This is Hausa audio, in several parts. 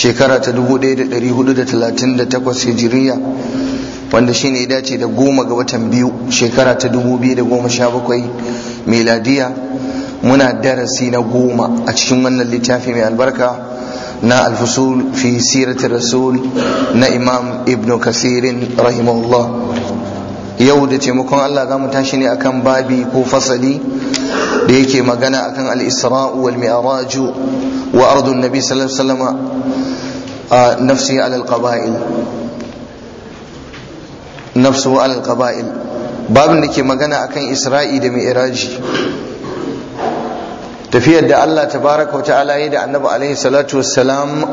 shekara ta 1438 hijiriya wanda shine ya dace da goma ga watan biyu shekara ta 2017 miladiya muna darasi na goma a cikin wannan littafi mai albarka na alfusul fi sirati rasul na imam ibn kasirin rahimahullah yau da taimakon allah za mu tashi ne akan babi ko fasali da yake magana akan al-isra'u wal mi'raj wa ardu nabi sallallahu alaihi wasallam nafsi ala al-qaba'il nafsu ala al-qaba'il babin da ke magana akan isra'i da mi'raji tafiyar da Allah tabaraka wa ta'ala ya da annabi alaihi salatu wassalam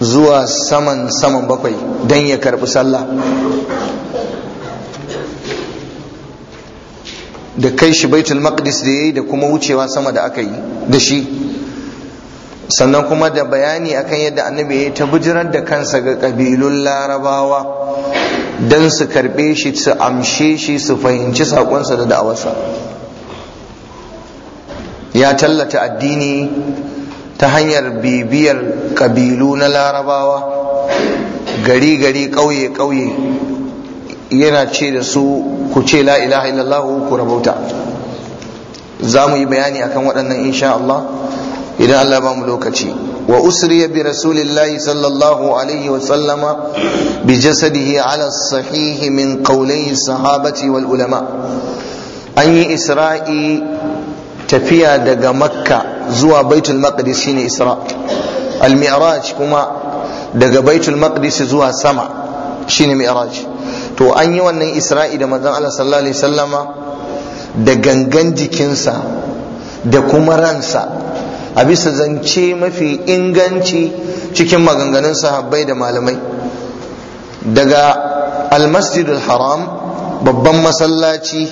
zuwa saman saman bakwai dan ya karbi sallah da kai shi baitul maqdis da yayi da kuma wucewa sama da aka yi da shi sannan kuma da bayani akan yadda annabi ya ta bujirar da kansa ga kabilun larabawa don su karbe shi su amshe shi su fahimci saƙonsa da da'awarsa ya tallata addini ta hanyar bibiyar kabilu na larabawa gari gari ƙauye ƙauye yana ce da su ku ce la ilaha illallah ku rabauta za mu yi bayani akan waɗannan insha Allah idan Allah ba mu lokaci wa usriya bi rasulillahi sallallahu alaihi wa sallama bi jasadihi ala sahihi min qawlai sahabati wal ulama an yi isra'i tafiya daga makka zuwa baitul maqdis shine isra al mi'raj kuma daga baitul maqdis zuwa sama shine mi'raj to an yi wannan isra'i da manzon Allah sallallahu alaihi wasallama da gangan jikinsa da kuma ransa a bisa zance mafi inganci cikin maganganun sahabbai da malamai daga almasjidul haram babban masallaci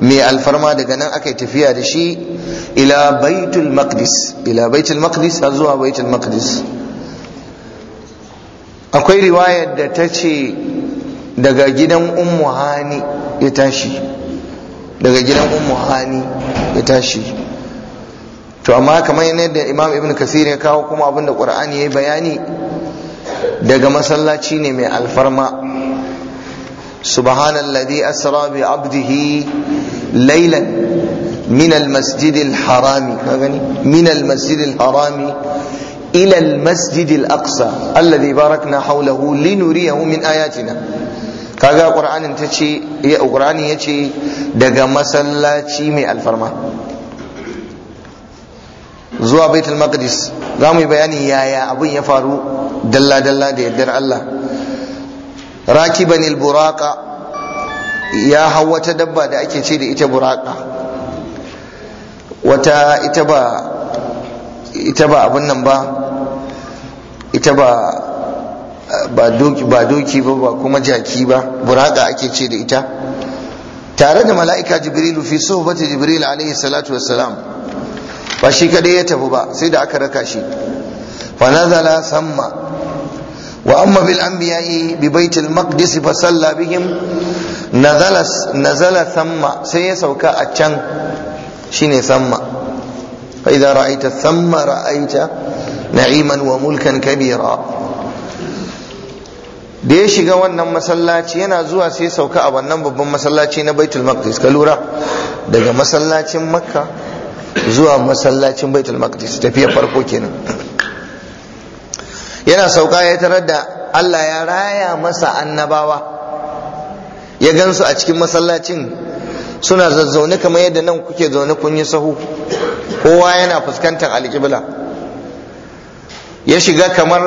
mai alfarma daga nan aka tafiya da shi ila baitul maqdis ila baitul maqdis har zuwa baitul maqdis akwai riwayar da ta ce daga gidan ummu hani ya tashi to amma kamar yadda imam ibn kasir ya kawo kuma abinda qur'ani ya yi bayani daga masallaci ne mai alfarma subhanalladhi asra bi abdihi laylan min almasjid alharami ka gani min almasjid alharami ila almasjid alaqsa min ayatina kaga qur'anin ta ce ya qur'ani ya ce daga masallaci mai alfarma zuwa baitul maqdis za mu yi bayani yaya abin ya faru dalla dalla da yardar Allah Raki al ya hau wata dabba da ake ce da ita buraka wata ita ba ita ba abin nan ba ita ba ba doki ba ba kuma jaki ba burada ake ce da ita tare da mala'ika jibrilu fi sohbati jibril alaihi salatu wassalam ba shi kadai ya tafi ba sai da aka raka shi fa nazala samma wa amma bil anbiya'i bi baitil maqdis fa salla bihim nazala nazala samma sai ya sauka a can shine samma fa idza ra'aita samma ra'aita na'iman wa mulkan kabira da ya shiga wannan masallaci yana zuwa sai sauka a wannan babban masallaci na baitul maqdis ka lura daga masallacin makka zuwa masallacin baitul maqdis tafiya farko kenan yana sauka ya tarar da Allah ya raya masa annabawa ya gansu a cikin masallacin suna zazzaune kamar yadda nan kuke zaune kun yi sahu kowa yana fuskantar alƙibla ya shiga kamar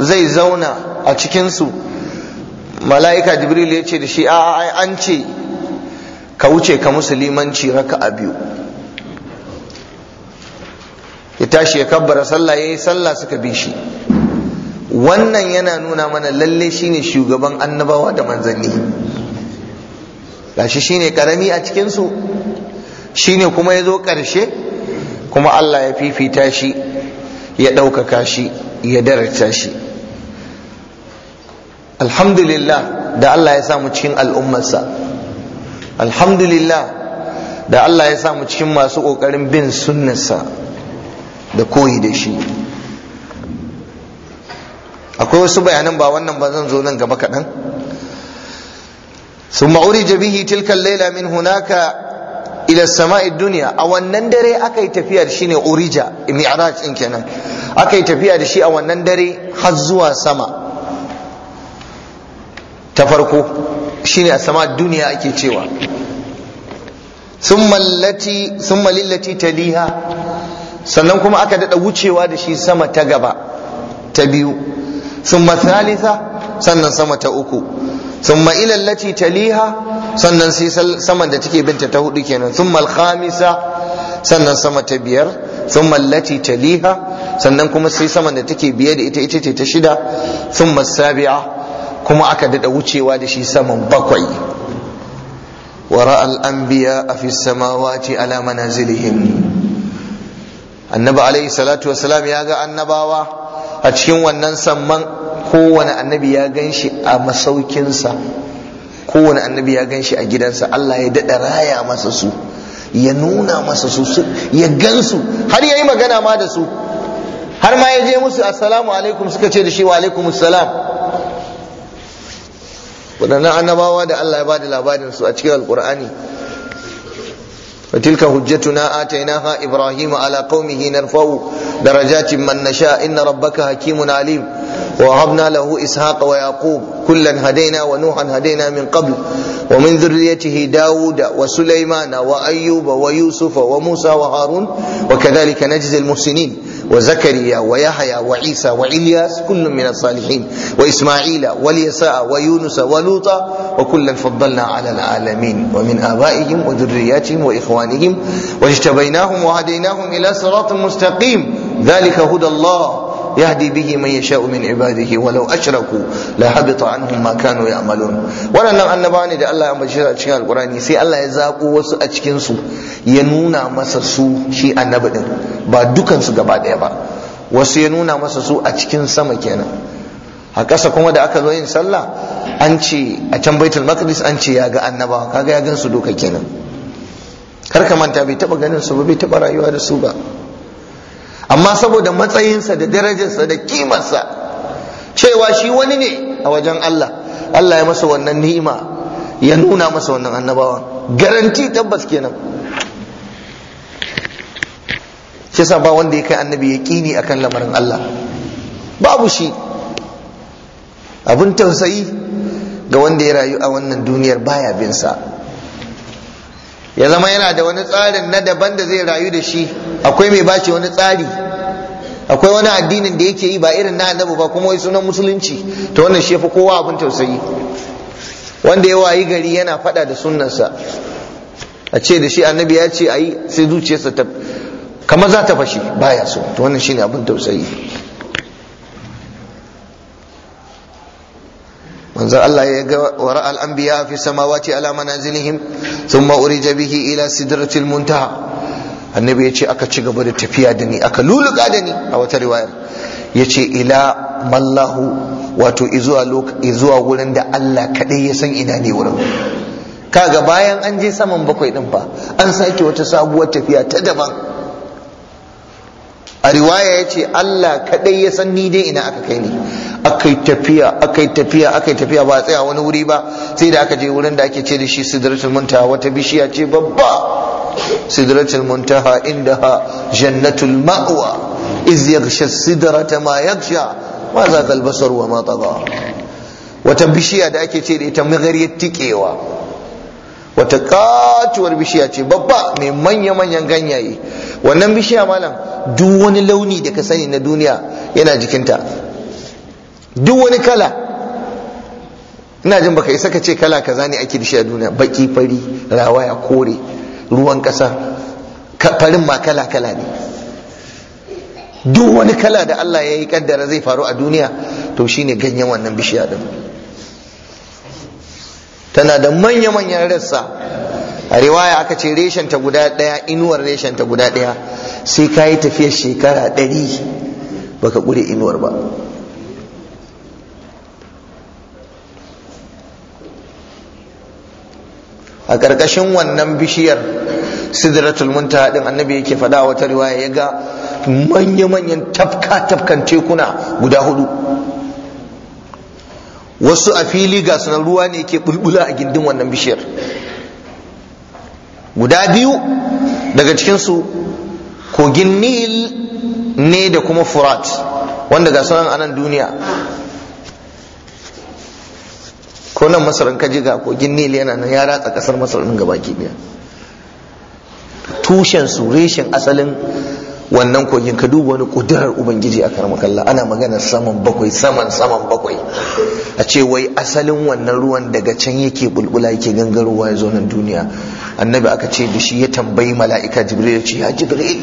zai zauna a cikinsu mala'ika jibril ya ce da shi a an ce ka wuce ka musulmanci raka a biyu ya tashi ya kabbara sallah ya yi sallah suka bi shi wannan yana nuna mana lalle shine shugaban annabawa da manzanni gashi shine karami a cikinsu shine kuma ya zo ƙarshe kuma allah ya fifita shi ya ɗaukaka shi ya darata shi alhamdulillah da Allah ya samu cikin al'ummarsa alhamdulillah da Allah ya samu cikin masu ƙoƙarin bin sunnarsa da koyi da shi akwai wasu bayanan ba wannan ba zan zo nan gaba kaɗan ثم أرج به تلك الليلة من هناك إلى السماء الدنيا أو النندري أكي تفيا شيني أريجا إمعراج إن كان أكي تفيا شيء أو النندري حزوا سما ta farko shine a sama duniya ake cewa Sun allati thumma lillati taliha sannan kuma aka daɗa wucewa da shi sama ta gaba ta biyu Sun thalitha sannan sama ta uku Sun ila allati taliha sannan sai saman da take binta ta hudu kenan Sun al sannan sama ta biyar thumma allati taliha sannan kuma sai saman da take biye da ita ita ce ta shida Sun masabi'a. kuma aka dada wucewa da shi saman bakwai ra'al al'ambiya a fi samawati ala manazilihim annabi alaihi salatu Salam ya ga annabawa a cikin wannan samman kowane annabi ya gan shi a masaukinsa kowane annabi ya gan shi a gidansa Allah ya daɗa raya masa su ya nuna masa su ya gan su, har ya yi magana ma da su har ma ya je musu assalamu alaikum suka ce da shi wa alaikum assalam waɗannan annabawa da Allah ya ba da labarin su a cikin alƙur'ani wa tilka hujjatuna atainaha ibrahima ala qaumihi narfa'u darajatin man nasha inna rabbaka hakimun alim ووهبنا له إسحاق ويعقوب كلا هدينا ونوحا هدينا من قبل ومن ذريته داود وسليمان وأيوب ويوسف وموسى وهارون وكذلك نجزي المحسنين وزكريا ويحيى وعيسى وإلياس كل من الصالحين وإسماعيل واليساء ويونس ولوطا وكلا فضلنا على العالمين ومن آبائهم وذرياتهم وإخوانهم واجتبيناهم وهديناهم إلى صراط مستقيم ذلك هدى الله يهدي به من يشاء من عباده ولو اشركوا لحبط عنهم ما كانوا يعملون waɗannan annabawa ne da Allah ya ambace cikin alkurani sai Allah ya zabo wasu a cikin su ya nuna masa su shi annabi din ba dukan su gaba daya ba wasu ya nuna masa su a cikin sama kenan a ƙasa kuma da aka zo yin sallah an ce a can baitul maqdis an ce ya ga annabawa kaga ya gansu doka kenan kar ka manta bai taba ganin su ba bai taba rayuwa da su ba amma saboda matsayinsa da darajarsa da kimarsa cewa shi wani ne a wajen Allah Allah ya masa wannan ni'ima ya nuna masa wannan annabawan garanti tabbas kenan shi yasa ba wanda ya kai annabi ya kini akan lamarin Allah babu shi abin tausayi ga wanda ya rayu a wannan duniyar baya bin sa ya zama yana da wani tsarin na daban da zai rayu da shi akwai mai bashi wani tsari akwai wani addinin da yake yi ba irin na annabi ba kuma wai sunan musulunci to wannan shi yafi kowa abin tausayi wanda ya wayi gari yana fada da sunnarsa a ce da shi annabi ya ce ayi sai zuciyarsa ta kamar za ta fashe baya so to wannan shine abin tausayi manzon Allah ya ga wara al-anbiya fi samawati ala manazilihim thumma urija bihi ila sidratil muntaha annabi yace ce aka ci gaba da tafiya da ni aka luluka da ni a wata riwayar ya ce ila mallahu wato izuwa wurin da Allah kaɗai ya san ina ne wurin kaga bayan an je saman bakwai ɗin fa an sake wata sabuwar tafiya ta daban a riwaya ya ce Allah kaɗai ya san ni dai ina aka kai ni akai tafiya akai tafiya akai tafiya ba a tsaya wani wuri ba sai da aka je wurin da ake ce da shi sidratul muntaha wata bishiya ce babba sidratul muntaha ha jannatul ma'uwa iz yaghsha sidrata ma yaghsha ma zaqa al wa ma wata bishiya da ake ce da ita magariyar tikewa wata katuwar bishiya ce babba mai manya-manyan ganyaye wannan bishiya malam duk wani launi da ka sani na duniya yana jikinta duk wani kala ina jin baka isa ka ce kala kaza ne ake dishi a duniya baki fari rawaya kore ruwan kasa farin ma kala kala ne duk wani kala da Allah ya yi kaddara zai faru a duniya to shine ganyen wannan bishiya din tana da manya-manyan rassa a riwaya aka ce reshen ta guda daya inuwar reshen ta guda daya sai ka yi tafiyar shekara ɗari baka ƙure inuwar ba a ƙarƙashin wannan bishiyar sidratul munta din annabi yake faɗa wata riwaya ya ga manya-manyan tafka tafkan tekuna guda hudu wasu a fili ga sunan ruwa ne ke bulbula a gindin wannan bishiyar guda biyu daga cikinsu kogin nil ne da kuma furat wanda ga sauran anan duniya ko nan masarin ka ji ga kogin nil yana nan ya ratsa kasar masar gaba gabaki tushen su reshen asalin wannan kogin ka duba wani kudurar ubangiji a karmakalla ana magana saman bakwai saman saman bakwai a ce wai asalin wannan ruwan daga can yake bulbula yake gangarowa ya zo nan duniya annabi aka ce da shi ya tambayi mala'ika jibril ya ce ya jibril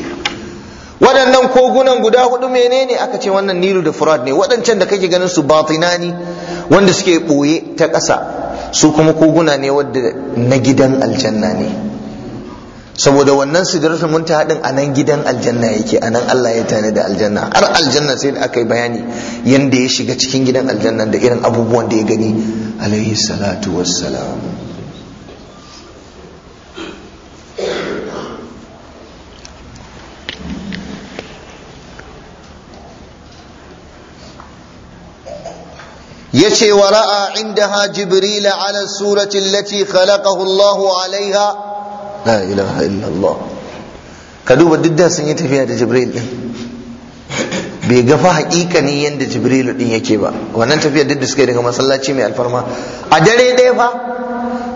waɗannan kogunan guda hudu menene aka ce wannan nilu da furat ne waɗancan da kake ganin su ne wanda suke ɓoye ta ƙasa su kuma koguna ne wadda na gidan aljanna ne saboda wannan sidratul muntaha din a nan gidan aljanna yake a nan Allah ya tani da aljanna har aljanna sai da aka yi bayani yadda ya shiga cikin gidan aljanna da irin abubuwan da ya gani alaihi salatu wassalam yace wa ra'a indaha jibril ala surati allati khalaqahu Allah alaiha Na ilaha illa Allah ka duba duk da sun yi tafiya da jibril ɗin. bai ga fa ne yadda jibril din yake ba wannan tafiya duk da suka yi daga masallaci mai alfarma a dare ɗaya fa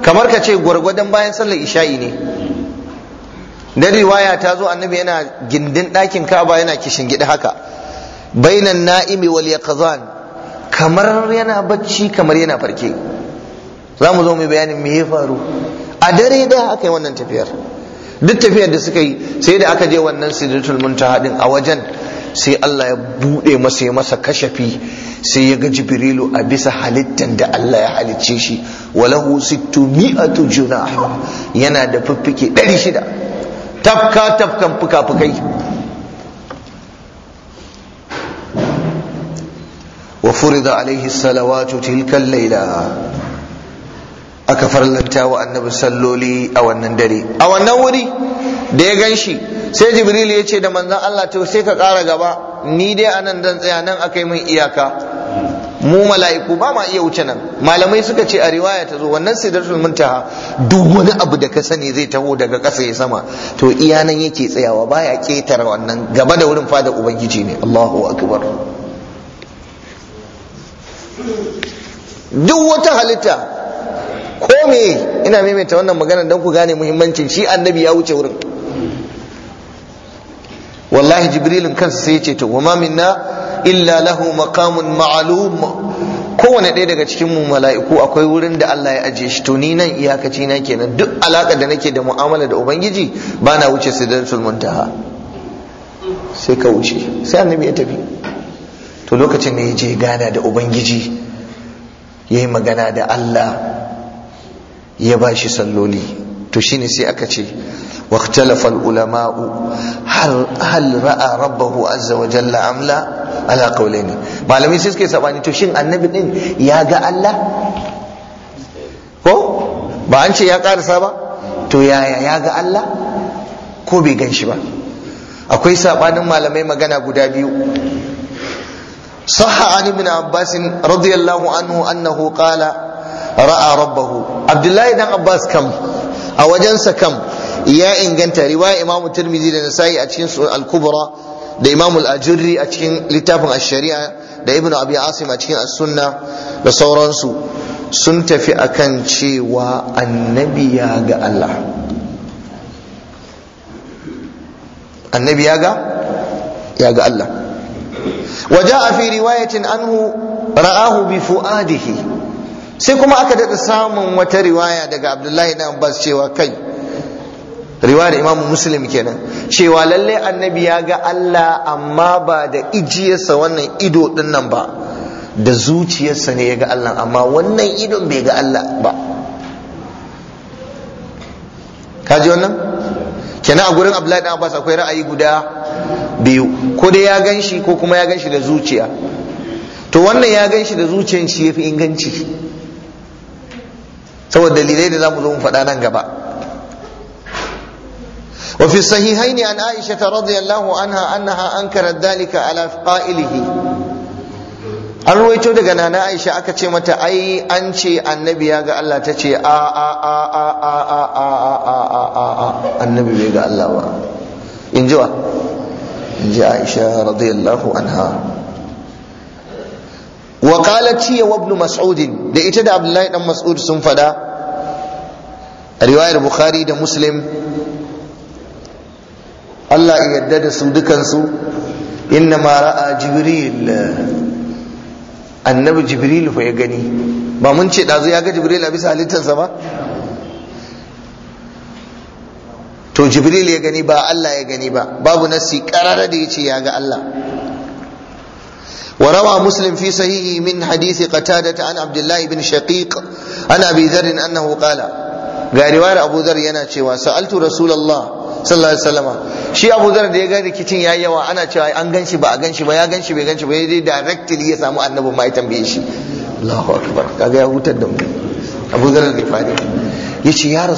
kamar ka ce gwargwadon bayan sallar isha'i ne dan riwaya ta zo annabi yana gindin ɗakin kaba yana kishin gida haka bainan na'imi wal yaqzan kamar yana bacci kamar yana farke za mu zo muyi bayanin me ya faru a dare da aka yi wannan tafiyar duk tafiyar da suka yi sai da aka je wannan sidratul muntaha haɗin, a wajen sai Allah ya buɗe masa ya masa kashafi sai ya ga jibrilu a bisa halittan da Allah ya halicce shi walahu sittu mi'atu junah yana da fiffike 600 tafka tafkan fuka-fukai وفرض عليه الصلوات تلك laila. aka farlanta wa annabi salloli a wannan dare a wannan wuri da ya gan shi sai jibril ya ce da manzon Allah to sai ka kara gaba ni dai anan zan tsaya nan aka yi min iyaka mu mala'iku ba ma iya wuce nan malamai suka ce a riwaya ta zo wannan sidratul muntaha duk wani abu da ka sani zai taho daga kasa ya sama to iya nan yake tsayawa baya ketare wannan gaba da wurin fada ubangiji ne Allahu akbar duk wata halitta ko me ina maimaita wannan magana don ku gane muhimmancin shi annabi ya wuce wurin wallahi jibrilin kansa sai ya ce to wama minna illa lahu maqamun ma'lum kowane ɗaya daga cikin mu mala'iku akwai wurin da Allah ya ajiye shi to ni nan iyakaci na kenan duk alaka da nake da mu'amala da ubangiji bana wuce sidratul muntaha sai ka wuce sai annabi ya tafi to lokacin da ya je gana da ubangiji ya yi magana da allah ya ba shi salloli to shine sai aka ce واختلف العلماء هل هل راى ربه عز وجل ام على قولين malamai sai suke sabani to shin annabi din ya ga Allah ko ba an ce ya karasa ba to yaya ya ga Allah ko bai gan shi ba akwai sabanin malamai magana guda biyu صح عن ابن عباس رضي الله عنه أنه قال رأى ربه عبد الله بن عباس كم أو جنس كم يا إن جنت رواية إمام الترمذي للنسائي أتشين الكبرى da Imam al-Ajurri a cikin littafin ash-Shari'a da Ibn Abi Asim a cikin as-Sunna da sauransu sun tafi akan cewa annabi ya ga Allah annabi ya ga ya ga Allah وجاء في رواية أنه رآه بفؤاده sai kuma aka daɗa samun wata riwaya daga abdullahi na abbas cewa kai da imam Musulmi kenan cewa lallai annabi ya ga allah amma ba da ijiyarsa wannan ido ɗin nan ba da zuciyarsa ne ya ga allah amma wannan ido bai ga allah ba kaji wannan kenan a gurin abdullahi na abbas akwai ra'ayi guda biyu ko dai ya ganshi ko kuma ya ganshi da zuciya to wannan ya ganshi da zuciyan shi ya fi inganci saboda dalilai da za mu zo mu faɗa nan gaba وفي an Aisha ta رضي الله anha annaha أنكرت dalika ala قائله an ruwaito daga nana aisha aka ce mata ai an ce annabi ya ga Allah ta ce a a a a a a a a a annabi bai ga Allah ba in ji wa in ji aisha radiyallahu anha wa qalat hiya wa ibn mas'ud da ita da abdullahi dan mas'ud sun fada riwayar bukhari da muslim Allah ya yarda da su dukansu inna ma ra'a jibril annabi jibril fa ya gani ba mun ce dazu ya ga jibril a bisa halittarsa ba to jibril ya gani ba Allah ya gani ba babu nassi karara da yace ya ga Allah وروى مسلم في صحيحه من حديث قتادة عن عبد الله بن شقيق عن أبي ذر أنه قال قال أبو ذر ينا cewa سألت رسول الله صلى الله عليه وسلم shi أبو ذر da ya ga rikicin ya yawa ana cewa an أغنش ba a با ba ya يدي داركت لي ba ya ما directly الله samu قال ma ya tambaye shi Allahu akbar kaga ya hutar da mu Abu yace ya har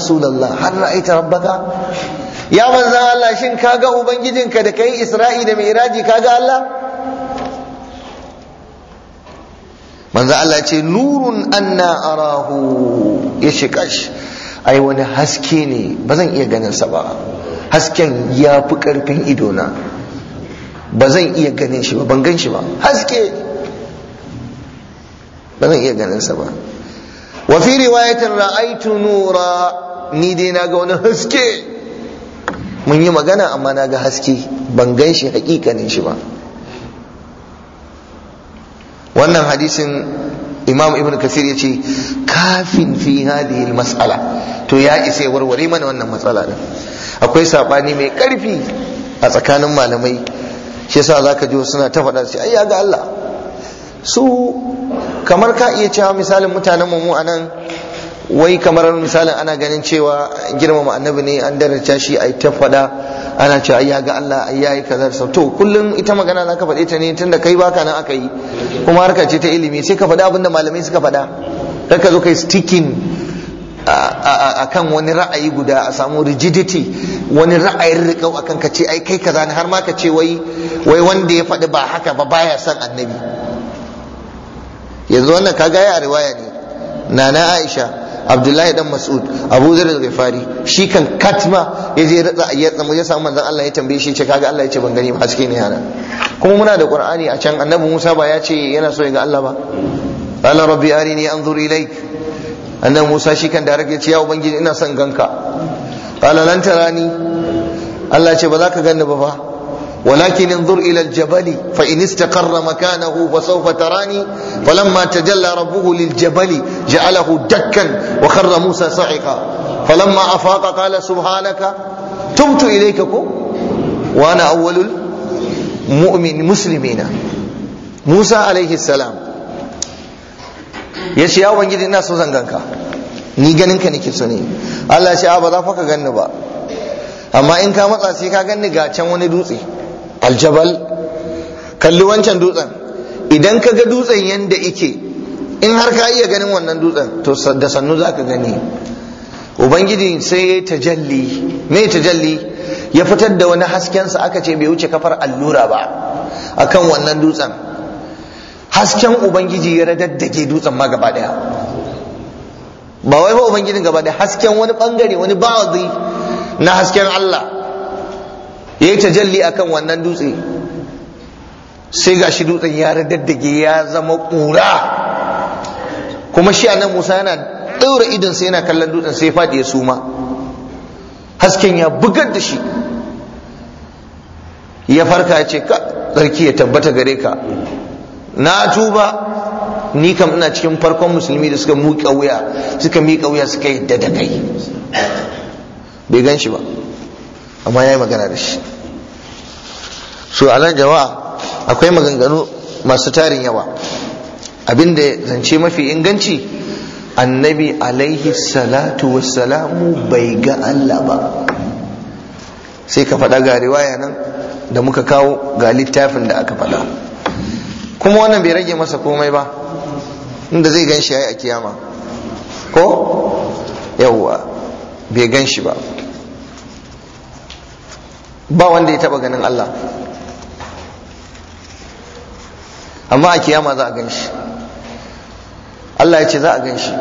ya manzan Allah shin kaga ubangijinka da kai isra'i da ka kaga Allah manzan Allah ce nurun anna arahu ya shikash ai wani haske ne ba zan iya ganin sa ba hasken ya fi karfin idona ba zan iya ganin shi ba ban gan shi ba haske ba zan iya ganin sa ba wa fi riwayatin ra'aitu nura ni dai na ga wani haske mun yi magana amma na ga haske ban gan shi hakikanin shi ba wannan hadisin imam ibn kasir ya ce kafin fi hadihil mas'ala to ya isa warware mana wannan matsala din akwai saɓani mai ƙarfi a tsakanin malamai shi yasa zaka ji suna ta faɗa su ai ya ga Allah su kamar ka iya cewa misalin mutanen mu anan wai kamar misalin ana ganin cewa girmama annabi ne an daraja shi a ta fada ana cewa ya ga Allah ai yayi kaza sau to kullum ita magana za ka faɗe ta ne tunda kai baka nan aka yi kuma harka ce ta ilimi sai ka fada abinda malamai suka faɗa kar ka zo kai sticking a kan wani ra'ayi guda a samu rigidity wani ra'ayin rikau akan ka ce ai kai kaza ne har ma ka ce wai wai wanda ya faɗi ba haka ba baya son annabi yanzu wannan kaga ya riwaya ne nana Aisha abdullahi dan mas'ud abu zar al-ghifari shi kan katma ya je ratsa ya tsamu ya samu manzon Allah ya tambaye shi ce kaga Allah ya ce ban gani ba haske yana kuma muna da qur'ani a can annabi Musa ba ya ce yana so ya ga Allah ba qala rabbi arini anzur ilayk annabi Musa shi kan da ya ce ya ubangiji ina son ganka qala lan tarani Allah ce ba za ka ganni ba fa ولكن انظر إلى الجبل فإن استقر مكانه فسوف تراني فلما تجلى ربه للجبل جعله دكا وخر موسى صعقا فلما أفاق قال سبحانك تمت إليككم وأنا أول المؤمن مسلمين موسى عليه السلام ya ce ya ubangiji ina so zan ganka ni ganin ka nake so ne Allah ya ce a ba za fa ka ganni ba amma in ka matsa sai ka ganni ga can wani dutse aljabal kalli wancan dutsen idan ka ga dutsen yanda ike in har ka iya ganin wannan dutsen to da sannu za ka gani ubangiji sai ya tajalli me tajalli ya fitar da wani haskensa aka ce bai wuce kafar allura ba akan wannan dutsen hasken ubangiji ya radaddage dutsen ma gaba daya ba wai ba ubangijin gaba daya hasken wani bangare wani bawazi na hasken Allah ya yi tajalli akan wannan dutse sai ga shi dutsen ya radaddage ya zama ƙura kuma shi a nan musa yana ɗaura idan sai yana kallon dutsen sai faɗi ya suma hasken ya bugar da shi ya farka ya ce ka tsarki ya tabbata gare ka na tuba ni kam ina cikin farkon musulmi da suka muƙa wuya suka miƙa wuya suka yadda da kai bai gan shi ba amma ya yi magana da shi so a nan jama'a akwai maganganu masu tarin yawa abinda zance mafi inganci annabi alaihi salatu wassalamu bai ga Allah ba sai ka faɗa ga riwaya nan da muka kawo ga littafin da aka faɗa kuma wannan bai rage masa komai ba inda zai gan shi ya yi a kiyama ko yawwa bai gan shi ba ba wanda ya taba ganin Allah amma a kiyama za a gan shi Allah ya ce za a gan shi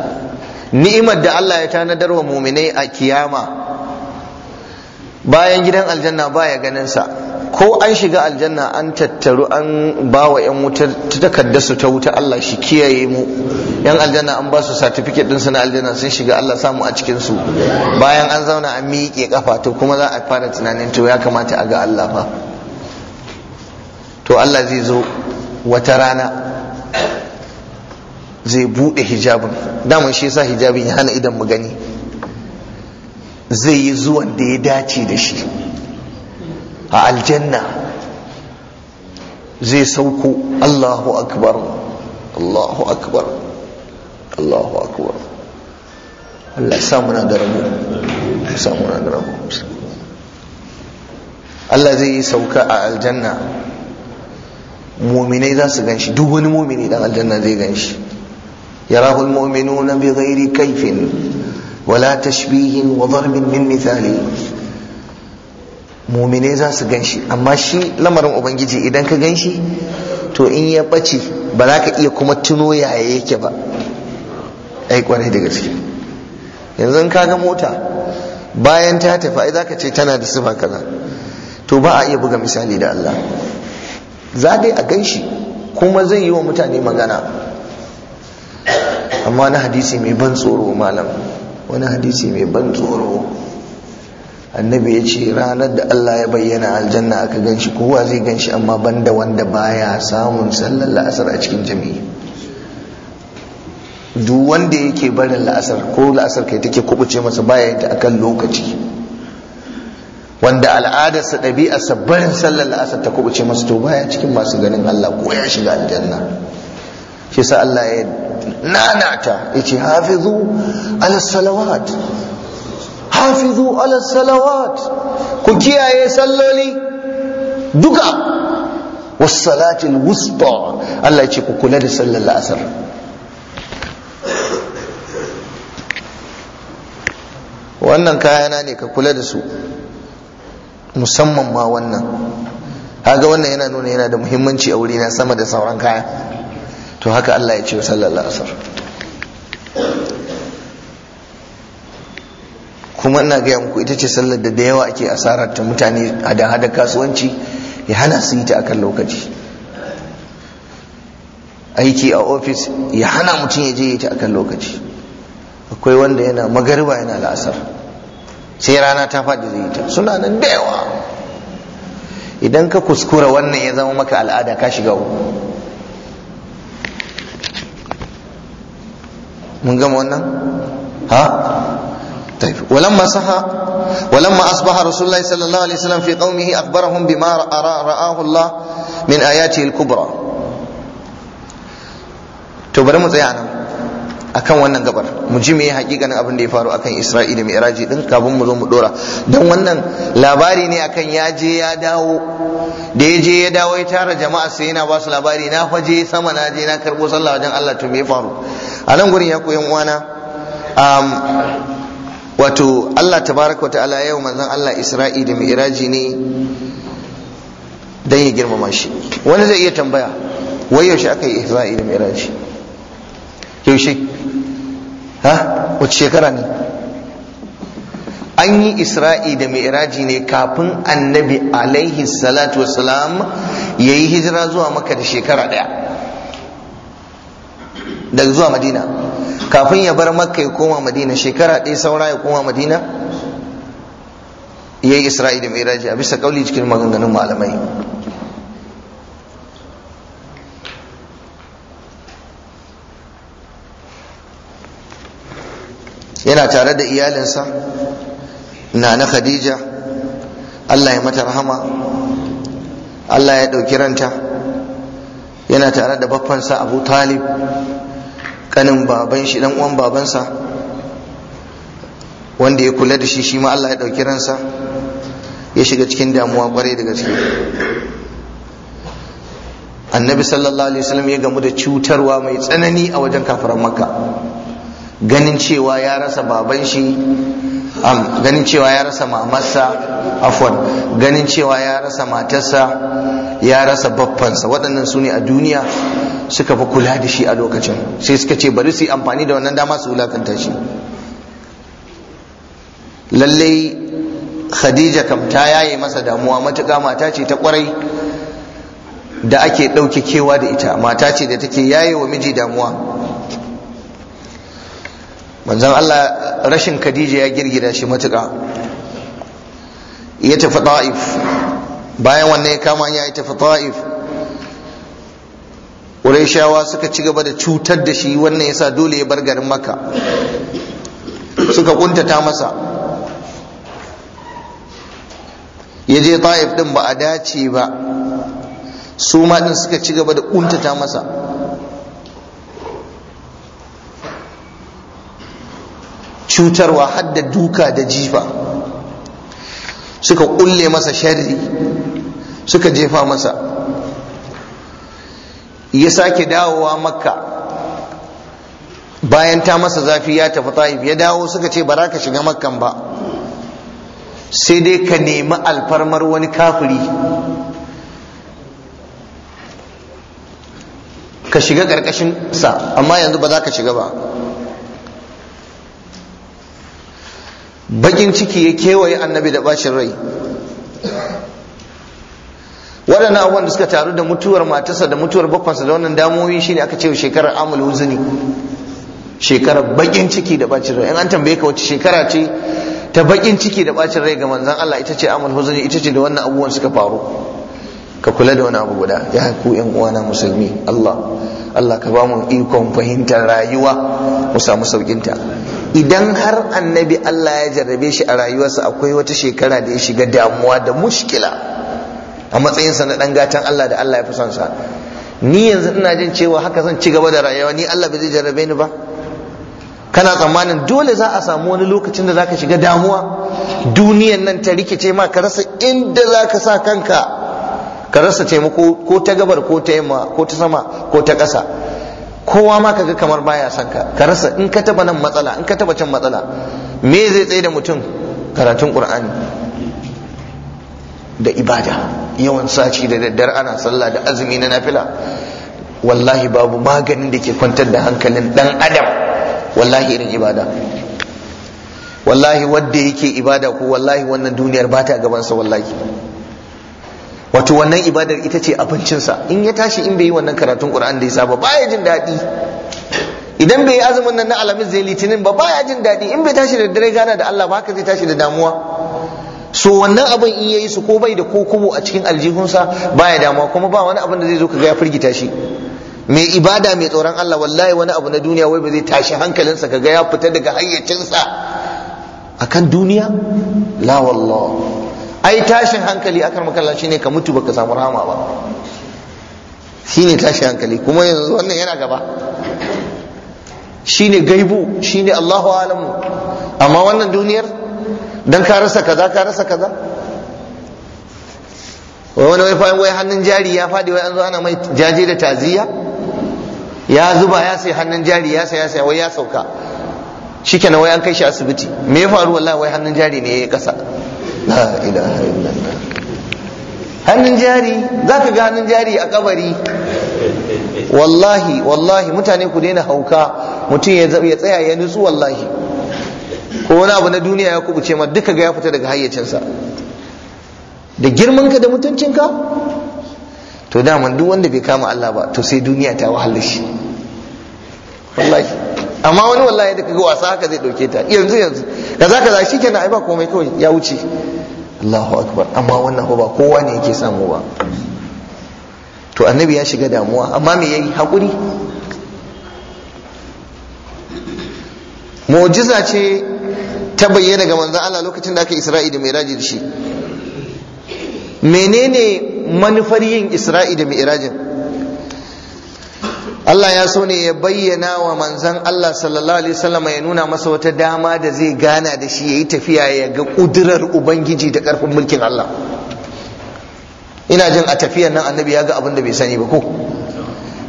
ni'imar da Allah ya tanadar wa muminai a kiyama bayan gidan aljanna baya ganin sa ko an shiga aljanna an tattaru an ba wa 'yan wutar takarda su ta wuta Allah shi kiyaye mu 'yan aljanna an ba su certificate ɗinsu na aljanna sun shiga Allah samu a cikin su bayan an zauna an miƙe kafa to kuma za a fara tunanin to ya kamata a ga Allah fa to Allah zai zo wata rana zai buɗe hijabin daman shi sa hijabin ya hana idan mu gani zai yi zuwan da ya dace da shi a aljanna zai sauko Allahu akbar Allahu akbar Allahu akbar Allah ya samu na da rabo ya samu na da rabo Allah zai yi sauka a aljanna muminai za su gan shi duk wani mumini dan aljanna zai gan shi يراه kaifin kaifin wala tashbihin wa وضرب min misali mominai za su ganshi amma shi lamarin ubangiji idan ka ganshi to in ya ɓace ba za ka iya kuma tuno yaya yake ba ai kwarai da gaske yanzu ka ga mota bayan ta tafi ai za ka ce tana da sifa kaza to ba a iya buga misali da Allah za dai a gan shi kuma zai yi wa mutane magana amma na hadisi mai ban tsoro malam wani hadisi mai ban tsoro annabi ya ce ranar da Allah ya bayyana aljanna aka gan shi kowa zai gan shi amma da wanda baya samun sallar la'asar a cikin jami'i duk wanda yake barin la'asar ko la'asar kai take kubuce masa baya yin akan lokaci wanda al'adarsa ɗabi'arsa barin sallar la'asar ta kubuce masu to baya cikin masu ganin Allah ko ya shiga aljanna shi sa Allah ya nanata yace hafizu ala salawat hafizu ala salawat ku kiyaye salloli duka was wusta Allah yace ku kula da sallar la'asar wannan kayana ne ka kula da su musamman ma wannan haga wannan yana nuna yana da muhimmanci a wuri na sama da sauran kaya to haka Allah ya ce wa sallallahu alaihi kuma ina gaya muku ita ce sallar da da yawa ake asarar ta mutane a da hada kasuwanci ya hana su yi ta akan lokaci aiki a ofis ya hana mutum ya je yi ta akan lokaci akwai wanda yana magariba yana la'asar sai rana ta faɗi zai ta suna nan da yawa idan ka kuskura wannan ya zama maka al'ada ka shiga uku mun gama wannan ha ولما صح ولما اصبح رسول الله صلى الله عليه وسلم في قومه اخبرهم بما رآه الله من اياته الكبرى to bari mu tsaya nan akan wannan gabar mu ji me hakikanin abin da ya faru akan Isra'ila da Mi'raji din kafin mu zo mu dora dan wannan labari ne akan ya je ya dawo da ya je ya dawo ya tara jama'a sai yana ba su labari na faje sama na je na karbo sallah wajen Allah to me ya faru a nan gurin ya koyan uwana um, wato Allah tabaraka ta'ala yau manzon Allah Isra'ila Mi'raji ne dan ya girmama shi wani zai iya tambaya wai yaushe aka yi Mi'raji yaushe ha wace shekara ne an yi isra'i da mi'raji ne kafin annabi alaihi salatu Wasalam ya yi hijira zuwa maka da shekara daya daga zuwa madina kafin ya bar makka ya koma madina shekara ɗaya saura ya koma madina ya yi isra'i da mi'raji a bisa kauli cikin maganganun malamai yana tare da iyalinsa na na khadija allah ya mata rahama allah ya ɗauki ranta yana tare da baffansa abu talib kanin baban shi dan uwan babansa wanda ya kula da shi shi ma allah ya ɗauki ransa ya shiga cikin damuwa kwarai da gaske annabi sallallahu alaihi wasallam ya gamu da cutarwa mai tsanani a wajen kafiran makka ganin cewa ya rasa baban shi ganin cewa ya rasa mamarsa afwan ganin cewa ya rasa matarsa ya rasa baffansa waɗannan su ne a duniya suka fi kula da shi a lokacin sai suka ce bari su yi amfani da wannan dama su wulakanta shi lallai khadija kam ta yaye masa damuwa matuƙa mata ce ta kwarai da ake ɗauke kewa da ita mata ce da take yaye wa miji damuwa manzan Allah rashin Khadija ya girgira shi matuka. ya tafi ta'if bayan wannan ya kama ya tafi ta'if Qurayshawa suka ci gaba da cutar da shi wannan yasa dole ya bar garin Makka suka kuntata masa ya je ta'if din ba a dace ba su ma suka ci gaba da kuntata masa cutarwa har da duka da jifa suka kulle masa sharri suka jefa masa ya sake dawowa makka bayan ta masa zafi ya tafi ta'if ya dawo suka ce ba za ka shiga makkan ba sai dai ka nemi alfarmar wani kafiri ka shiga ƙarƙashin sa amma yanzu ba za ka shiga ba bakin ciki ya kewaye annabi da bacin rai waɗannan abubuwan da suka taru da mutuwar matarsa da mutuwar bakwansa da wannan damoyi shine aka ce shekarar amul huzuni shekarar bakin ciki da bacin rai in an tambaye ka wace shekara ce ta bakin ciki da bacin rai ga manzon Allah ita ce amul huzuni ita ce da wannan abubuwan suka faru ka kula da wani abu guda ya ku yan uwana musulmi Allah Allah ka ba mu ikon fahimtar rayuwa mu samu saukinta idan har annabi Allah ya jarrabe shi a rayuwarsa akwai wata shekara da ya shiga damuwa da mushkila a matsayinsa na dan gatan Allah da Allah ya fi sa ni yanzu ina jin cewa haka zan ci gaba da rayuwa ni Allah bai zai jarrabe ni ba kana tsammanin dole za a samu wani lokacin da zaka shiga damuwa duniyar nan ta rikice ma ka rasa inda zaka sa kanka ka rasa taimako ko ta gabar ko ta yamma ko ta sama ko ta ƙasa kowa ma kaga kamar baya son ka ka rasa in ka taba nan matsala in ka taba can matsala me zai tsaye da mutum karatun qur'ani da ibada yawan saci da daddare ana sallah da azumi na nafila wallahi babu maganin da ke kwantar da hankalin dan adam wallahi irin ibada wallahi wanda yake ibada ko wallahi wannan duniyar ba ta gabansa wallahi wato wannan ibadar ita ce abincinsa in ya tashi in bai yi wannan karatun qur'an da ya saba ba ya jin daɗi idan bai yi azumin nan na alhamis zai litinin ba ba ya jin daɗi in bai tashi da dare gana da Allah ba haka zai tashi da damuwa so wannan abin in yayi su ko bai da ko kokobo a cikin aljihunsa ya damuwa kuma ba wani abin da zai zo ka ga ya firgita shi mai ibada mai tsoron Allah wallahi wani abu na duniya wai ba zai tashi hankalinsa ga ya fita daga hayyacinsa akan duniya la wallahi ai tashin hankali akan makalla shine ka mutu baka samu rahama ba shine tashin hankali kuma yanzu wannan yana gaba shine gaibu shine Allahu alamu amma wannan duniyar dan ka rasa kaza ka rasa kaza wai wani wai fa'in wai hannun jari ya fadi wai an zo ana mai jaje da taziya ya zuba ya sai hannun jari ya sai ya sai wai ya sauka shikenan wai an kai shi asibiti me ya faru wallahi wai hannun jari ne ya kasa la ilaha illallah hannun jari za ka ga hannun jari a kabari wallahi wallahi mutane ku daina hauka mutum ya tsaya ya nutsu wallahi ko wani abu na duniya ya kubuce ma duka ga ya fita daga hayyacinsa da girmanka da mutuncinka to daman duk wanda bai kama Allah ba to sai duniya ta wahala shi wallahi amma wani wallahi da kaga wasa haka zai dauke ta yanzu yanzu kaza kaza shikenan ai ba komai kawai ya wuce Allahu akbar amma wannan ba kowa ne yake samu ba to annabi ya shiga damuwa amma me yayi hakuri mu'jiza ce ta bayyana ga manzon Allah lokacin da aka Isra'i da Mi'raji da shi menene manufar yin Isra'i da Mi'rajin Allah ya so ne ya bayyana wa manzan Allah sallallahu alaihi wasallam ya nuna masa wata dama da zai gana da shi yayi tafiya ya ga kudurar ubangiji da karfin mulkin Allah ina jin a tafiyar nan annabi ya ga abin da bai sani ba ko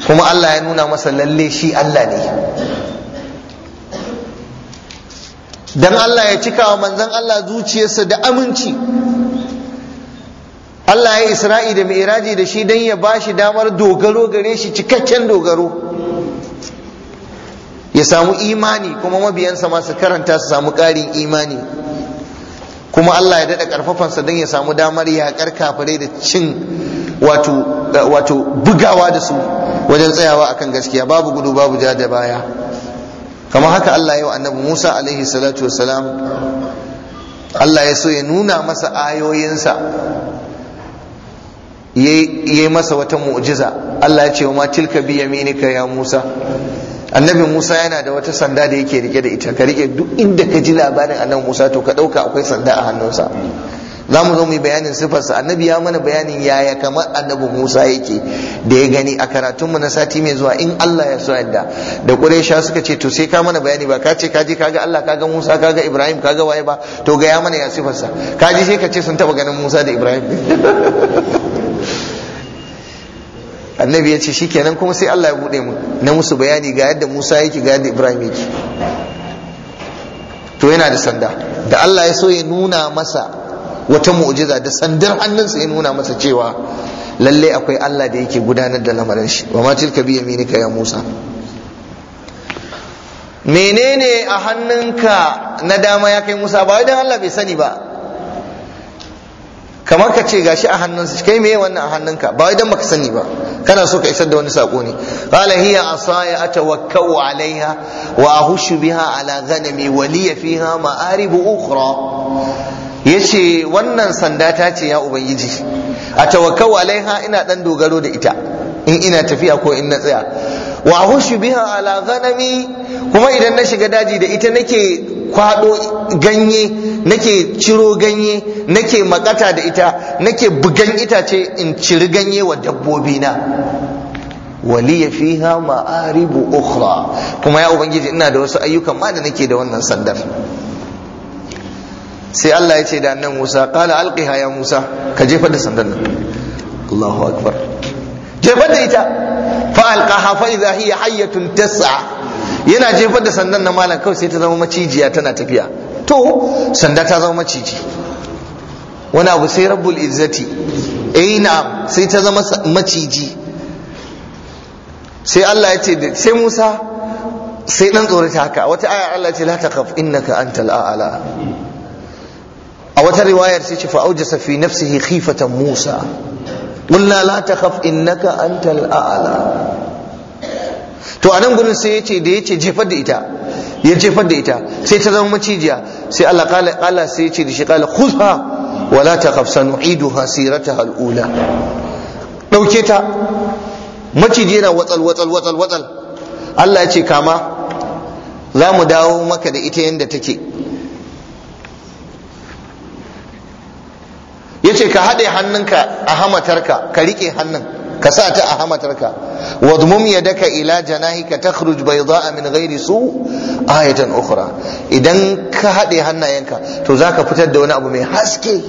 kuma Allah ya nuna masa lalle shi Allah ne dan Allah ya cika wa manzan Allah zuciyarsa da aminci Allah ya isra'i da mi'raji da shi don ya bashi damar dogaro gare shi cikakken dogaro ya samu imani kuma mabiyansa masu karanta su samu ƙarin imani kuma Allah ya daɗa sa don ya samu damar yaƙar kafirai da cin wato bugawa da su wajen tsayawa akan gaskiya babu gudu babu ja da baya kamar haka Allah ya wa annabi Musa alaihi salatu wasalam Allah ya so ya nuna masa ayoyinsa yi masa wata mu'jiza Allah ya ce ma tilka bi yaminika ya Musa annabi Musa yana da wata sanda da yake rike da ita ka rike duk inda ka ji labarin annabi Musa to ka dauka akwai sanda a hannunsa za mu zo mu yi bayanin sifarsa annabi ya mana bayanin yaya kamar annabi musa yake da ya gani a karatunmu na sati mai zuwa in allah ya so yadda da Quraysha suka ce to sai ka mana bayani ba ka ce ka je kaga allah kaga musa kaga ibrahim kaga waye ba to ga ya mana ya sifarsa ka ji sai ka ce sun taba ganin musa da ibrahim annabi ya ce shi kenan kuma sai Allah ya bude mu na musu bayani ga yadda Musa yake ga yadda Ibrahim yake to yana da sanda da Allah ya so ya nuna masa wata mu'jiza da sandar hannunsa ya nuna masa cewa lalle akwai Allah da yake gudanar da lamarin shi wa ma tilka bi yaminika ya Musa menene a hannunka na dama ya kai Musa ba wai dan Allah bai sani ba kamar ka ce gashi a hannunsa kai meye wannan a ka, ba wai dan baka sani ba kana so ka isar da wani sako ne qala hiya asaya atawakkau alaiha wa ahushu biha ala ghanami wa liya fiha ma'arib ukhra yace wannan sanda ta ce ya ubangiji atawakkau alaiha ina dan dogaro da ita in ina tafiya ko in na tsaya wa ahushu biha ala ghanami kuma idan na shiga daji da ita nake kwado ganye nake ciro ganye nake makata da ita nake bugan itace in ciri ganye wa dabbobi na fi ha ma'aribu ukhra kuma ya ubangiji ina da wasu ayyukan ma da nake da wannan sandar sai Allah ya ce da annan Musa qala alqiha ya Musa ka jefa da sandar nan Allahu akbar jefa da ita fa alqaha fa idha hiya hayyatun tas'a yana jefar da sandan na malam kawai sai ta zama macijiya tana tafiya to sanda ta zama maciji wani abu sai rabbul izzati eh na'am sai ta zama maciji sai Allah ya ce sai Musa sai dan tsorata haka wata aya Allah ya ce la taqaf innaka antal a'la a wata riwayar sai ce fa aujasa fi nafsihi khifatan Musa قلنا لا تخف إنك antal الأعلى to a nan gurin sai ya ce da ya ce jefar da ita ya jefar da ita sai ta zama macijiya sai Allah kala kala sai ya ce da shi kala kusa, wala taqaf sanu'iduha sirataha alula dauke ta maciji yana watsal watsal watsal watsal Allah ya ce kama za mu dawo maka da ita yadda take ya ce ka haɗe hannunka a hamatarka ka riƙe hannun ka sa ta a hamatarka wadmum daka ila janahika takhruj a min ghairi su ayatan ukhra idan ka hade hannayenka to zaka fitar da wani abu mai haske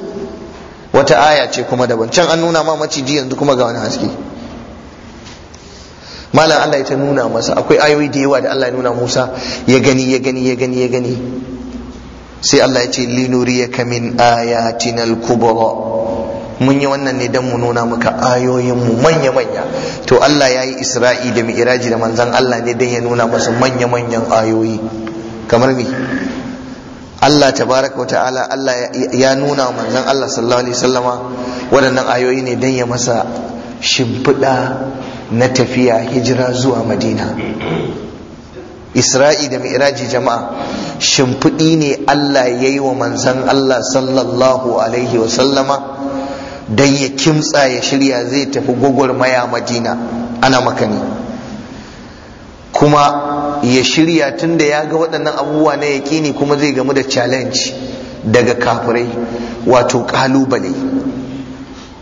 wata aya ce kuma daban can an nuna ma maciji yanzu kuma ga wani haske malam Allah ya ta nuna masa akwai ayoyi da yawa da Allah ya nuna Musa ya gani ya gani ya gani ya gani sai Allah ya ce linuri ya ayatina al-kubra mun yi wannan ne don mu nuna muka ayoyinmu manya-manya to Allah ya yi isra'i da mi'iraji da manzan Allah ne don ya nuna masu manya-manyan ayoyi kamar me Allah tabaraka wa ta'ala Allah ya nuna manzan Allah sallallahu alaihi wasallama waɗannan ayoyi ne don ya masa shimfiɗa na tafiya hijira zuwa madina isra'i da mi'raji jama'a shimfiɗi ne Allah ya yi wa manzan Allah sallallahu alaihi wasallama don ya kimtsa ya shirya zai tafi gwagwarmaya madina ana makani kuma ya shirya tun da ya ga waɗannan abubuwa na yaƙini kuma zai gamu da challenge daga kafirai wato ƙalubale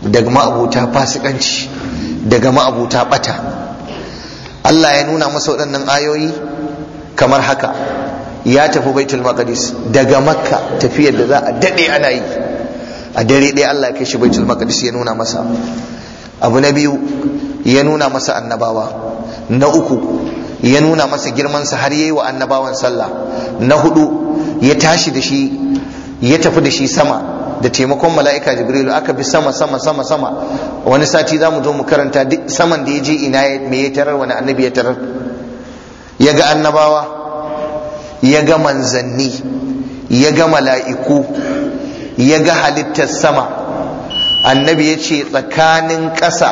daga ma'abuta fasikanci daga ma'abuta ɓata Allah ya nuna masa waɗannan ayoyi kamar haka ya tafi baitul maqdis daga makka tafiyar da za a daɗe ana yi a dare ɗaya Allah ya kai shi baitul maqdis ya nuna masa abu na biyu ya nuna masa annabawa na uku ya nuna masa girman sa har yayi wa annabawan sallah na hudu ya tashi da shi ya tafi da shi sama da taimakon mala'ika jibrilu aka bi sama sama sama sama wani sati za mu zo mu karanta duk saman da ya je ina me ya tarar wani annabi ya tarar ya ga annabawa ya ga manzanni ya ga mala'iku ya ga halittar sama annabi ya ce tsakanin ƙasa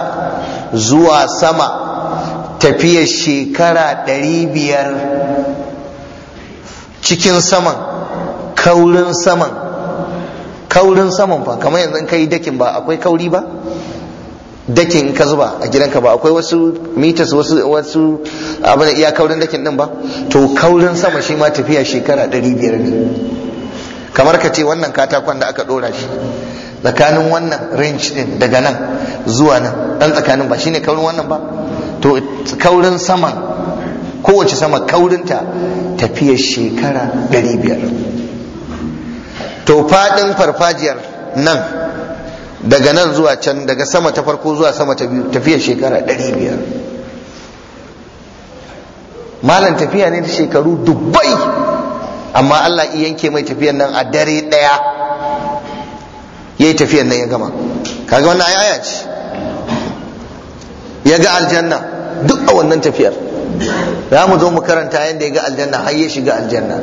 zuwa sama tafiyar shekara ɗari biyar cikin saman kaurin saman kaurin saman ba kamar yanzu ka yi dakin ba akwai kauri ba dakin ka zuba a gidanka ba akwai wasu mitas wasu wasu abin iya kaurin dakin din ba to kaurin sama shi ma tafiya shekara 500 ne kamar ka ce wannan katakon da aka dora shi tsakanin wannan range din daga nan zuwa nan dan tsakanin ba shine kaurin wannan ba to kaurin sama kowace sama kaurinta tafiyar shekara 500 to fadin farfajiyar nan daga nan zuwa can daga sama ta farko zuwa sama ta biyu tafiyar shekara 500 malam tafiya ne da shekaru dubbai amma Allah iya yanke mai tafiyan nan a dare daya yi tafiyan nan ya gama kaga wannan ai aya ce ya ga aljanna duk a wannan tafiyar za mu zo mu karanta yadda ya ga aljanna har ya shiga aljanna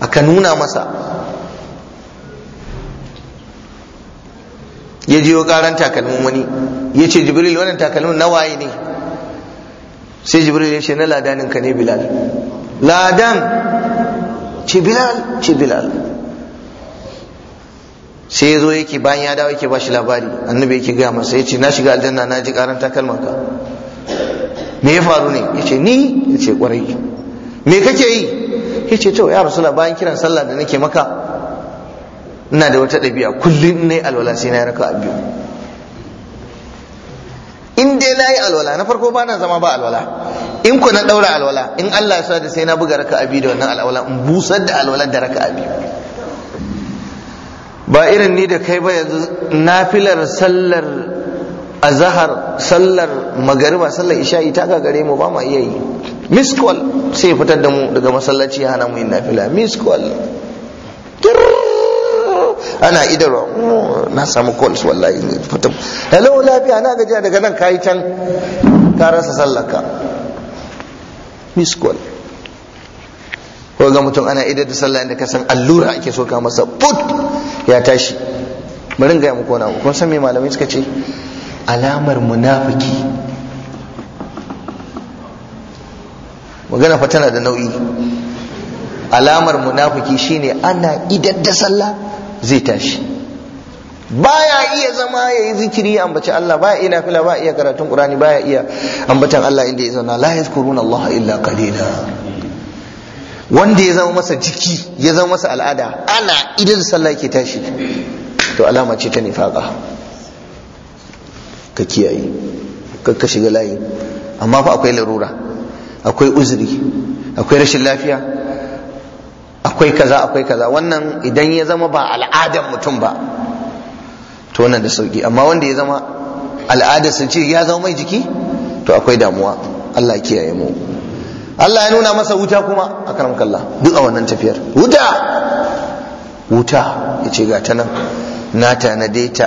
aka nuna masa ya jiyo karan takalmin wani ya ce jibril wannan takalmin na waye ne sai jibril ya ce na ladanin ka ne bilal ladan ce bilal ce bilal sai ya zo yake bayan ya dawo yake bashi labari annabi yake gaya masa ya ce na shiga aljanna na ji karan takalmar ka me ya faru ne ya ce ni ya ce kwarai me kake yi ya ce to ya rasula bayan kiran sallah da nake maka ina da wata ɗabi'a kullum na yi alwala sai na raka a biyu in dai na yi alwala na farko ba na zama ba alwala in ku na daura alwala in Allah ya sa da sai na buga raka'a biyu da wannan alwala in busar da alwala da raka'a biyu ba irin ni da kai ba yanzu nafilar sallar azahar sallar magariba sallar isha'i ta gare mu ba ma iya yi miss call sai fitar da mu daga masallaci ya hana mu yin nafila miss call ana idarwa na samu calls wallahi hello lafiya na gajiya daga nan kayi can ka rasa sallarka miskol ko ga mutum ana idar da sallah inda ka san allura ake so masa put ya tashi bari ga muku na kun san me malamai suka ce alamar munafiki magana fa tana da nauyi alamar munafiki shine ana idar da sallah zai tashi baya iya zama ya yi zikiri ya ambaci Allah baya iya nafila baya iya karatun Qur'ani baya iya ambatan Allah inda ya zauna la yazkuruna Allah illa qalila wanda ya zama masa jiki ya zama masa al'ada ana idan sallah ke tashi to alama ce ta nifaqa ka kiyaye ka shiga layi amma fa akwai larura akwai uzuri akwai rashin lafiya akwai kaza akwai kaza wannan idan ya zama ba al'adan mutum ba to wannan da sauki amma wanda ya zama al'ada sun ce ya zama mai jiki to akwai damuwa Allah kiyaye mu Allah ya nuna masa wuta kuma a karamkalla duk a wannan tafiyar wuta wuta ya ce ga ta nan na tanade ta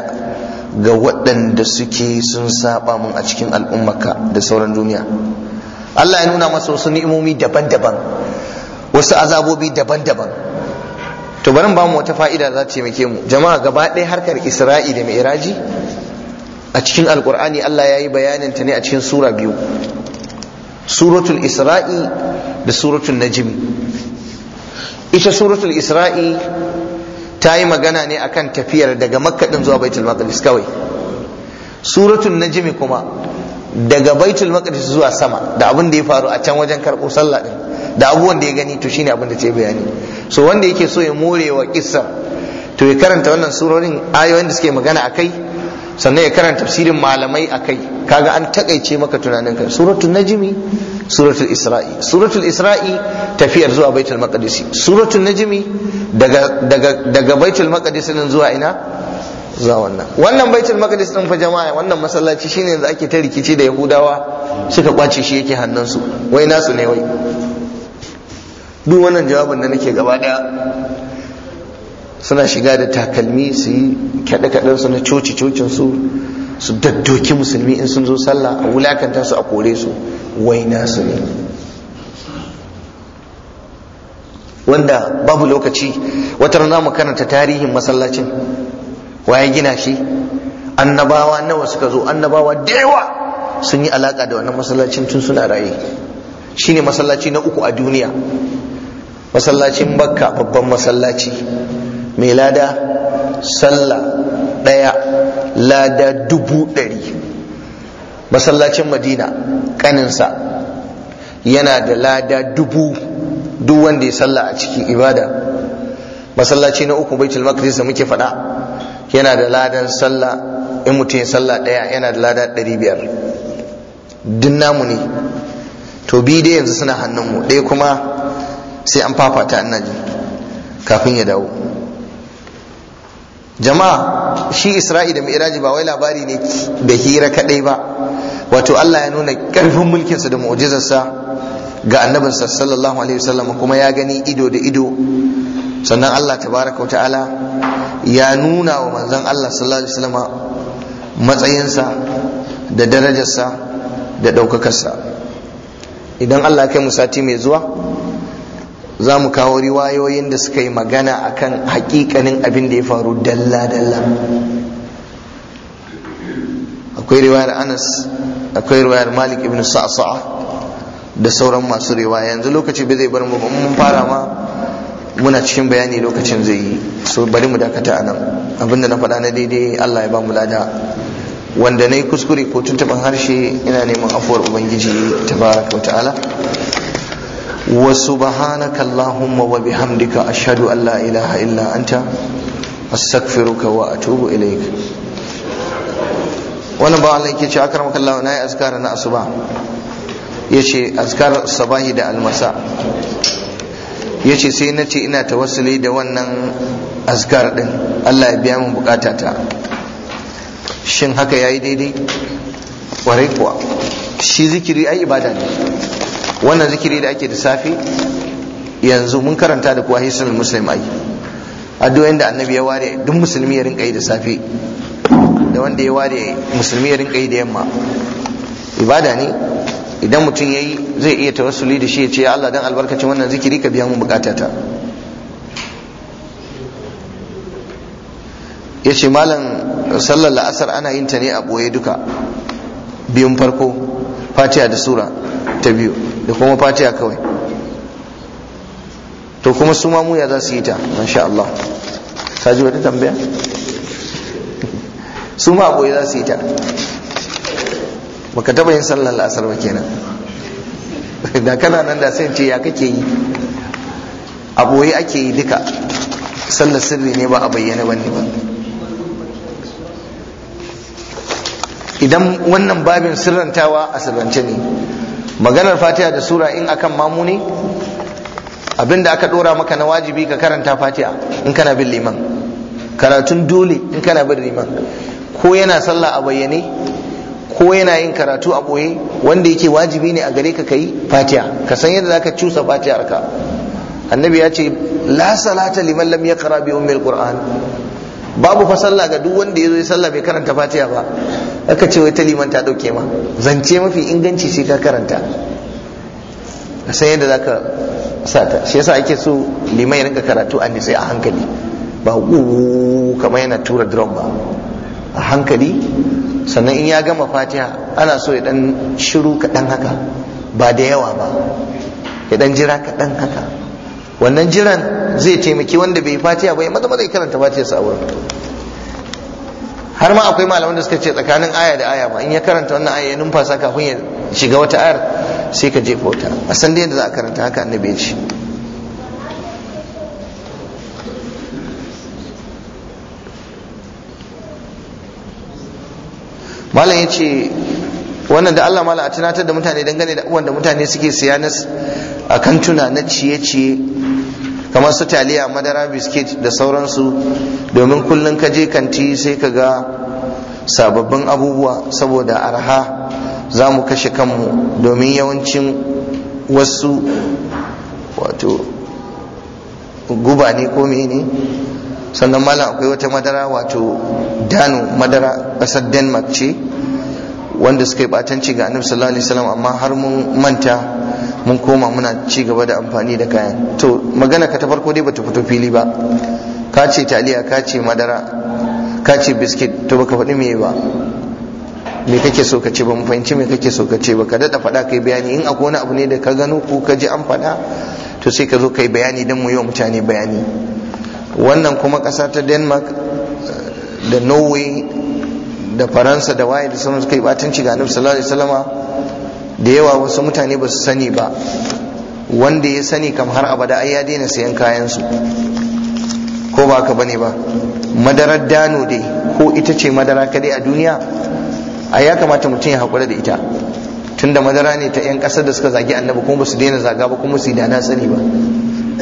ga waɗanda suke sun saba mun a cikin al'ummaka da sauran duniya Allah ya nuna masa wasu ni'imomi daban-daban wasu azabobi daban-daban to barin ba mu wata fa'ida za ta taimake mu jama'a gaba ɗaya harkar isra'i da mi'raji a cikin alkur'ani Allah ya yi bayanin ta ne a cikin sura biyu suratul isra'i da suratul najm ita suratul isra'i ta yi magana ne akan tafiyar daga makka din zuwa baitul maqdis kawai suratul najmi kuma daga baitul maqdis zuwa sama da abin da ya faru a can wajen karɓo sallah din da abubuwan da ya gani to shine abin da ce bayani so wanda yake so ya more wa kissa to ya karanta wannan surorin ayoyin da suke magana akai sannan ya karanta tafsirin malamai akai kaga an takaice maka tunaninka suratul najmi suratul isra'i suratul isra'i tafiyar zuwa baitul maqdis suratul najmi daga daga daga baitul maqdis nan zuwa ina Za wannan wannan baitul maqdis din fa jama'a wannan masallaci shine yanzu ake ta rikici da yahudawa suka kwace shi yake hannunsu wai nasu ne wai duk wannan jawabin da nake gaba daya suna shiga da takalmi su yi kaɗe-kaɗen su na coci-cocin su su daddoki musulmi in sun zo sallah a wulakanta su a kore su waina su ne wanda babu lokaci wata rana mu karanta tarihin masallacin waye gina shi annabawa nawa suka zo annabawa da yawa sun yi alaka da wannan masallacin tun suna raye shine masallaci na uku a duniya masallacin bakka babban masallaci mai lada sallah ɗaya lada dubu ɗari masallacin madina kaninsa yana da lada dubu duk wanda ya sallah a ciki ibada masallaci na uku baitul maqdis da muke faɗa yana da ladan sallah in mutum ya sallah ɗaya yana da lada ɗari biyar duk namu ne to bi dai yanzu suna hannun mu. ɗaya kuma sai an fafata annabi ji kafin ya dawo jama'a shi isra'i da mi'raji ba wai labari ne da hira kaɗai ba wato Allah ya nuna karfin mulkinsa da mu'jizarsa ga sa sallallahu alaihi wasallam kuma ya gani ido da ido sannan Allah tabaraka ta'ala ya nuna wa manzon Allah sallallahu alaihi wasallam matsayinsa da darajarsa da ɗaukakarsa idan Allah kai mu sati mai zuwa za mu kawo riwayoyin da suka yi magana akan hakikanin abin da ya faru dalla-dalla akwai riwayar anas akwai riwayar malik ibn sa'sa'a da sauran masu riwaya yanzu lokaci bai zai bar mu mun fara ma muna cikin bayani lokacin zai yi so bari mu dakata anan abinda na faɗa na daidai Allah ya ba mu lada wanda na yi kuskure ko taɓin harshe ina neman afuwar ubangiji ta tabaraka wa ta'ala wa subhanaka allahumma wa bihamdika ashhadu an la ilaha illa anta astaghfiruka wa atubu ilaik Wani ba Allah yake ce akramaka allah na yi azkara na asuba yace azkar sabahi da almasa yace sai na ce ina tawassuli da wannan azkar din Allah ya biya min bukatata shin haka ya yi daidai ƙwarai kuwa shi zikiri ai ibada ne wannan zikiri da ake da safe yanzu mun karanta da kuwa hisunan muslim ai Addu'o yadda annabi ya ware duk musulmi ya rinka yi da safe da wanda ya ware musulmi ya rinka yi da yamma ibada ne idan mutum ya yi zai iya tawassuli da shi ya ce Allah dan albarkacin wannan zikiri ka biya mun bukatata ya ce malam sallar la'asar ana yin ta ne a ɓoye duka biyun farko fatiya da sura ta biyu da kuma fatiya kawai to kuma su mu ya za su yi ta masha Allah ta ji wata tambaya su ma ɓoye za su yi ta baka taɓa yin sallar la'asar ba kenan da kana nan da sai ce ya kake yi a ɓoye ake yi duka sallar sirri ne ba a bayyana ne ba idan wannan babin sirrantawa a sirrance ne maganar fatiha da sura in akan mamu ne abinda aka dora maka na wajibi ka karanta fatiha in kana bin liman karatun dole in kana bin liman ko yana sallah a bayyane ko yana yin karatu a boye wanda yake wajibi ne a gare ka kai fatiha ka san yadda zaka cusa fatiha ka annabi ya ce la salata liman lam yaqra bi ummil qur'an babu fa sallah ga duk wanda yazo ya sallah bai karanta fatiha ba aka ce wai ta liman ta dauke ma zance mafi inganci shi ka karanta ka san yadda zaka sa ta shi yasa ake so liman ya rinka karatu an sai a hankali ba ku kamar yana tura drum ba a hankali sannan in ya gama fatiha ana so ya dan shiru kaɗan haka ba da yawa ba ya dan jira kaɗan haka wannan jiran zai taimaki wanda bai fatiya ba ya maza maza karanta fatiya sa wurin har ma akwai malaman da suka ce tsakanin aya da aya ma in ya karanta wannan aya ya numfasa kafin ya shiga wata ayar sai ka jefa wata a san da yadda za a karanta haka annabi ya ce malam ya ce wannan da Allah mala a tunatar da mutane dangane da uwan da mutane suke siya na a tuna na ciye-ciye kamar su taliya madara biskit da sauransu domin kullum ka je kanti sai ka ga sababbin abubuwa saboda arha za mu kashe kanmu domin yawancin wasu wato guba ne ko ne sannan malam akwai wata madara wato dano madara ƙasar denmark ce wanda suka yi batanci ga annabi sallallahu alaihi wasallam amma har mun manta mun koma muna ci gaba da amfani da kayan to magana ka ta farko dai bata fito fili ba ka ce taliya ka ce madara ka ce biskit to baka faɗi me ba me kake so ka ce ba mu fahimci me kake so ka ce ba ka daɗa faɗa kai bayani in akwai wani abu ne da ka gano ko ka ji an faɗa to sai ka zo kai bayani don mu yi wa mutane bayani wannan kuma ƙasa ta denmark da norway da faransa da waye da sauran suka yi batanci ga annabi sallallahu alaihi wasallama da yawa wasu mutane ba su sani ba wanda ya sani kam har abada ai ya daina sayan kayansu ko ba ka bane ba madarar dano dai ko ita ce madara kadai a duniya a ya kamata mutum ya haƙura da ita tunda madara ne ta 'yan ƙasar da suka zagi annabi kuma su daina zaga ba kuma su dana sani ba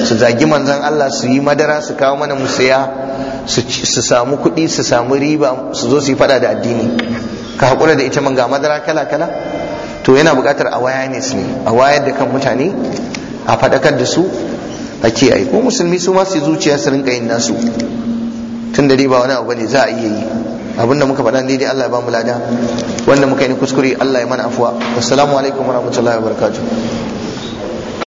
su zagi manzan Allah su yi madara su kawo mana musaya su samu kuɗi su samu riba su zo su yi faɗa da addini ka haƙura da ita man ga madara kala kala to yana bukatar a waya ne a wayar da kan mutane a faɗakar da su a kiyaye ko musulmi su masu zuciya su rinka yin nasu tun da ba wani abu ne za a iya yi abinda muka faɗa ne dai Allah ya ba mu lada wanda muka yi kuskure Allah ya mana afuwa assalamu alaikum warahmatullahi wabarakatuh